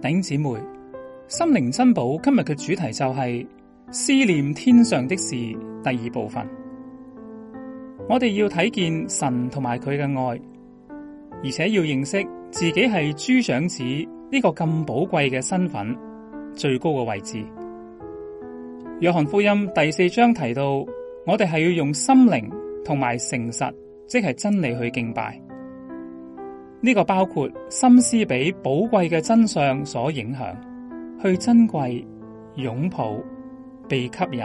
弟兄姊妹，心靈珍寶，今日嘅主題就係思念天上的事第二部分。我哋要睇見神同埋佢嘅愛，而且要認識自己係諸長子呢個咁寶貴嘅身份，最高嘅位置。約翰福音第四章提到，我哋係要用心靈同埋誠實，即係真理去敬拜。呢個包括心思被寶貴嘅真相所影響，去珍貴、擁抱、被吸引、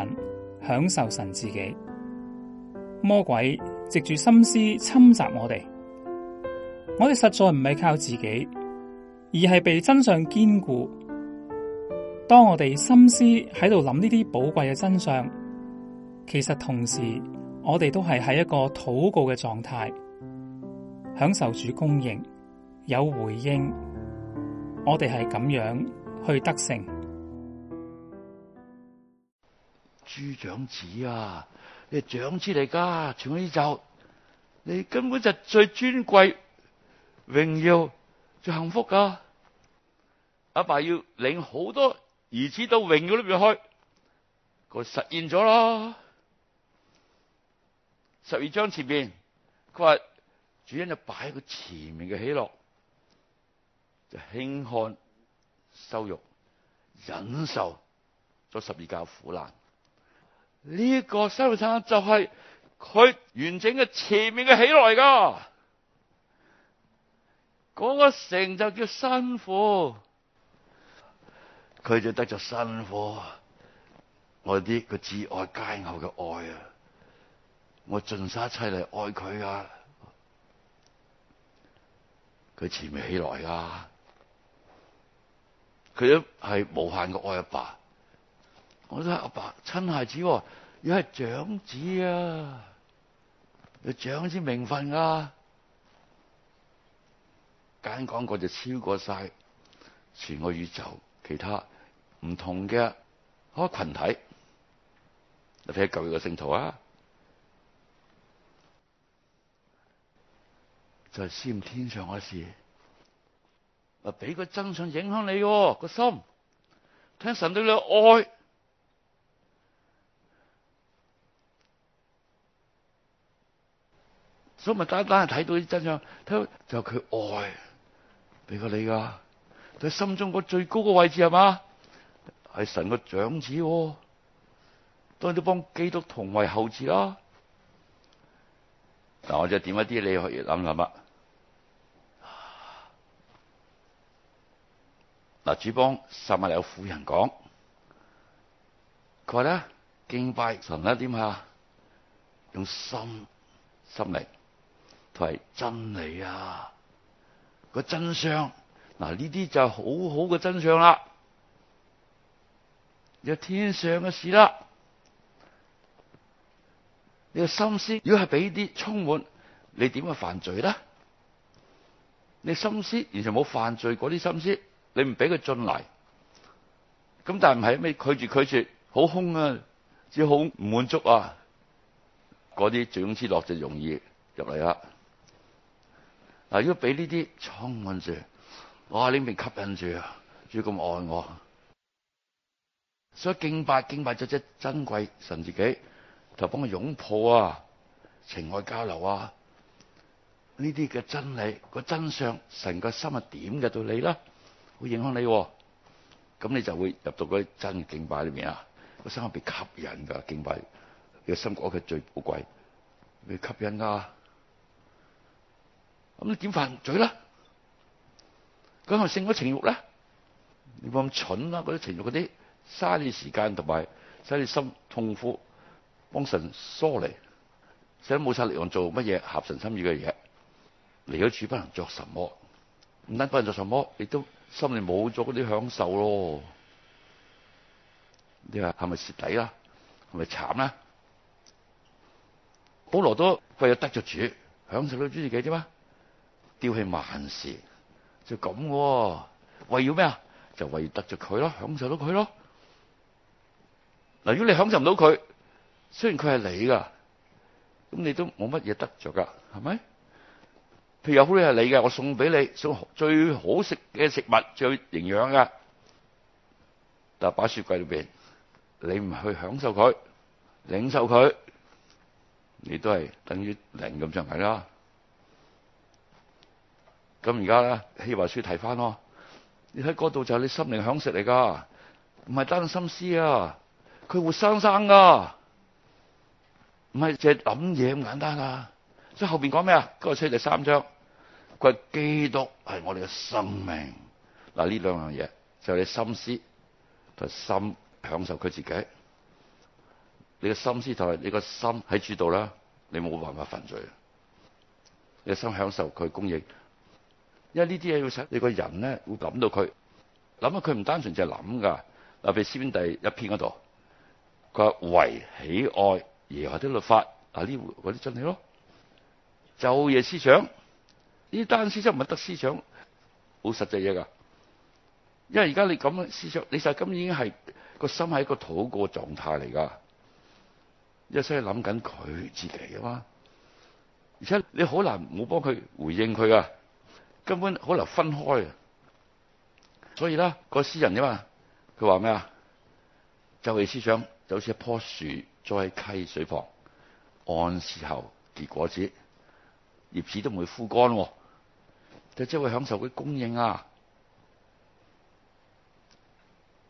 享受神自己。魔鬼藉住心思侵襲我哋，我哋實在唔係靠自己，而係被真相堅固。當我哋心思喺度諗呢啲寶貴嘅真相，其實同時我哋都係喺一個禱告嘅狀態，享受住供應。有回應，我哋係咁樣去得勝。豬長子啊，你是長子嚟噶，全宇宙，你根本就最尊貴、榮耀、最幸福噶。阿爸，爸要領好多兒子到榮耀嗰邊去，佢實現咗啦。十二章前邊，佢話主人就擺喺佢前面嘅喜樂。就輕看、羞辱、忍受咗十二架苦難，呢個生產就係佢完整嘅前面嘅起來噶。嗰、那個成就叫辛苦，佢就得咗辛苦。我啲個摯愛佳偶嘅愛啊，我盡晒一切嚟愛佢啊，佢前面起來㗎。佢都係無限嘅愛阿爸，爸，我都阿爸，爸親孩子，啊，又係長子啊，有長子名分啊。簡講過就超過晒，全個宇宙其他唔同嘅個群體。你睇舊日嘅聖徒啊，就在、是、思念天上嘅事。啊！俾個真相影響你個心，聽神對你愛，所以咪單單係睇到啲真相，睇到就佢愛給，俾個你噶，佢心中個最高個位置係嘛？係神個長子，當然都幫基督同為後嗣啦。嗱，我就點一啲，你可以諗諗啊。嗱，主幫撒瑪利亞婦人講，佢話咧，敬拜神咧點啊？用心心靈，佢係真理啊，嗰個真相。嗱，呢啲就好好嘅真相啦。有天上嘅事啦，你個心思如果係俾啲充滿，你點去犯罪咧？你心思完全冇犯罪嗰啲心思。你唔俾佢進嚟，咁但係唔係咩？拒絕拒絕，好兇啊！只好唔滿足啊！嗰啲縱慾之樂就容易入嚟啦。嗱，如果俾呢啲充滿住，我喺呢邊吸引住啊，仲要咁愛我，所以敬拜敬拜咗只珍貴神自己，就幫佢擁抱啊，情愛交流啊，呢啲嘅真理個真相，成個心係點嘅道理啦。會影響你，啊，咁你就會入到嗰啲真敬拜裏面啊！個心啊被吸引噶，敬拜，個心覺得佢最寶貴，你吸引啊！咁你點犯罪咧？咁又性咗情欲咧？你冇咁蠢啦！嗰啲情欲嗰啲，嘥你時間同埋，使你心痛苦，幫神疏離，使冇晒力量做乜嘢合神心意嘅嘢，離咗處不能作什麼，唔單不能作什麼，你都。心裏冇咗嗰啲享受咯，你話係咪蝕底呀？係咪慘呀？保羅都為咗得着主，享受到主自己啫嘛？丟棄萬事，就咁嘅，為要咩啊？就為要得着佢咯，享受到佢咯。嗱，如果你享受唔到佢，雖然佢係你噶，咁你都冇乜嘢得着噶，係咪？譬如有好多係你嘅，我送俾你，送最好食嘅食物，最營養嘅，但係擺雪櫃裏邊，你唔去享受佢，領受佢，你都係等於零咁上嚟啦。咁而家咧，希華書睇翻咯，你睇嗰度就係你心靈享食嚟噶，唔係單心思啊，佢活生生噶，唔係淨係諗嘢咁簡單啊。所以後邊講咩啊？嗰車第三章。佢基督係我哋嘅生命，嗱呢兩樣嘢就係你心思同心享受佢自己。你嘅心思就係你個心喺主度啦，你冇辦法犯罪。你嘅心享受佢供應，因為呢啲嘢要使你個人咧會感到佢，諗下佢唔單純就係諗噶。嗱，譬如詩篇第一篇嗰度，佢話為喜愛耶和華的律法啊，呢嗰啲真理咯，晝夜思想。呢單思想唔係得思想，好實際嘢㗎！因為而家你咁樣思想，你實今已經係個心係一個土個狀態嚟㗎！一些諗緊佢自己啊嘛，而且你好難冇幫佢回應佢噶，根本好難分開啊。所以啦，個詩人啊嘛，佢話咩啊？就係思想就好似一樖樹栽喺溪水旁，按時候結果子，葉子都唔會枯乾喎。就即係會享受佢供應啊！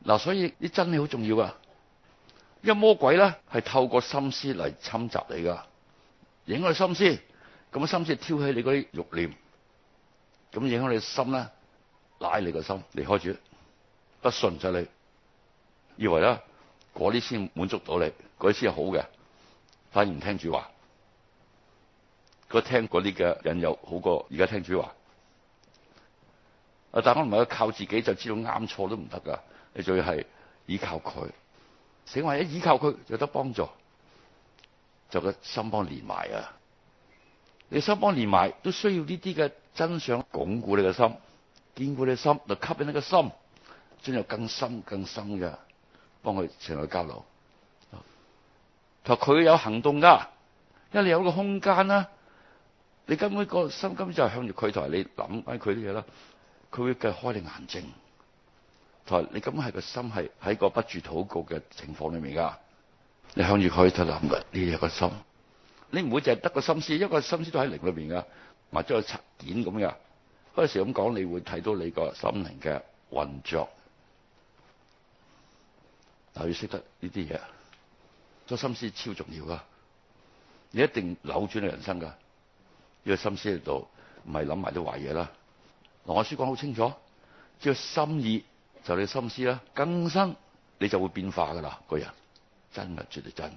嗱、啊，所以呢真理好重要啊！因魔鬼咧係透過心思嚟，侵襲你噶，影響你心思，咁啊心思挑起你嗰啲欲念，咁影響你心咧，拉你個心離開主。不信就你，以為呢嗰啲先滿足到你，嗰啲先係好嘅，反而唔聽主話，嗰個聽嗰啲嘅人又好過而家聽主話。啊！但我唔係靠自己就知道啱錯都唔得噶，你仲要係依靠佢。請話一依靠佢就得幫助，就個心幫連埋啊！你心幫連埋都需要呢啲嘅真相鞏固你嘅心，堅固你嘅心，就吸引你個心，進入更深更深嘅幫佢成去交流。同佢有行動噶，因為你有個空間啦，你根本個心根本就係向住佢同埋你諗返佢啲嘢啦。佢會計開你眼睛，佢你咁係個心係喺個不住禱告嘅情況裏面噶，你向住開，佢諗嘅呢個心，你唔會淨係得個心思，因為心思都喺靈裏邊噶，者咗七件咁噶，嗰陣時咁講你會睇到你個心靈嘅運作，但要識得呢啲嘢，個心思超重要噶，你一定扭轉你人生噶，呢個心思喺度，唔係諗埋啲壞嘢啦。羅馬書講好清楚，只要心意就你心思啦，更生，你就會變化噶啦，個人真啊絕對真，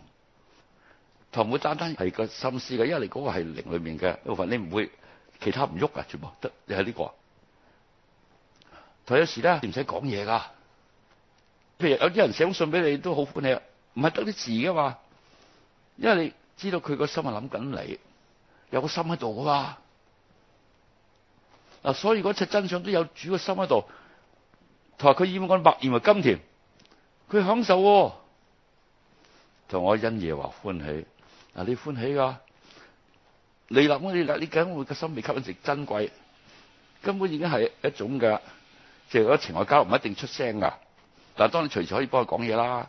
唔會單單係個心思嘅，因為嗰個係靈裡面嘅部分，你唔會其他唔喐噶，全部得你係呢、這個。同有時咧你唔使講嘢噶，譬如有啲人寫封信俾你都好歡喜，唔係得啲字噶嘛，因為你知道佢個心係諗緊你，有個心喺度噶嘛。所以嗰一切真相都有主嘅心喺度。佢以佢厭惡百厭為甘甜，佢享受、啊。同我因夜話歡喜，你歡喜㗎、啊？你諗你諗，你梗會個心被吸引食，珍貴，根本已經係一種嘅，即係嗰情愛交流唔一定出聲㗎，但係當你隨時可以幫佢講嘢啦。